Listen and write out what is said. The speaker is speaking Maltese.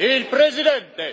Il-Presidente!